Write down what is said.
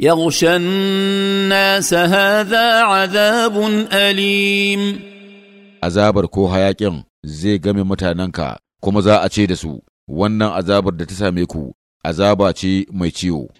يغشى nasa هذا azabun Alim? azabar ko hayaƙin zai game mutanenka kuma za a ce da su wannan azabar da ta same ku azaba ce mai ciwo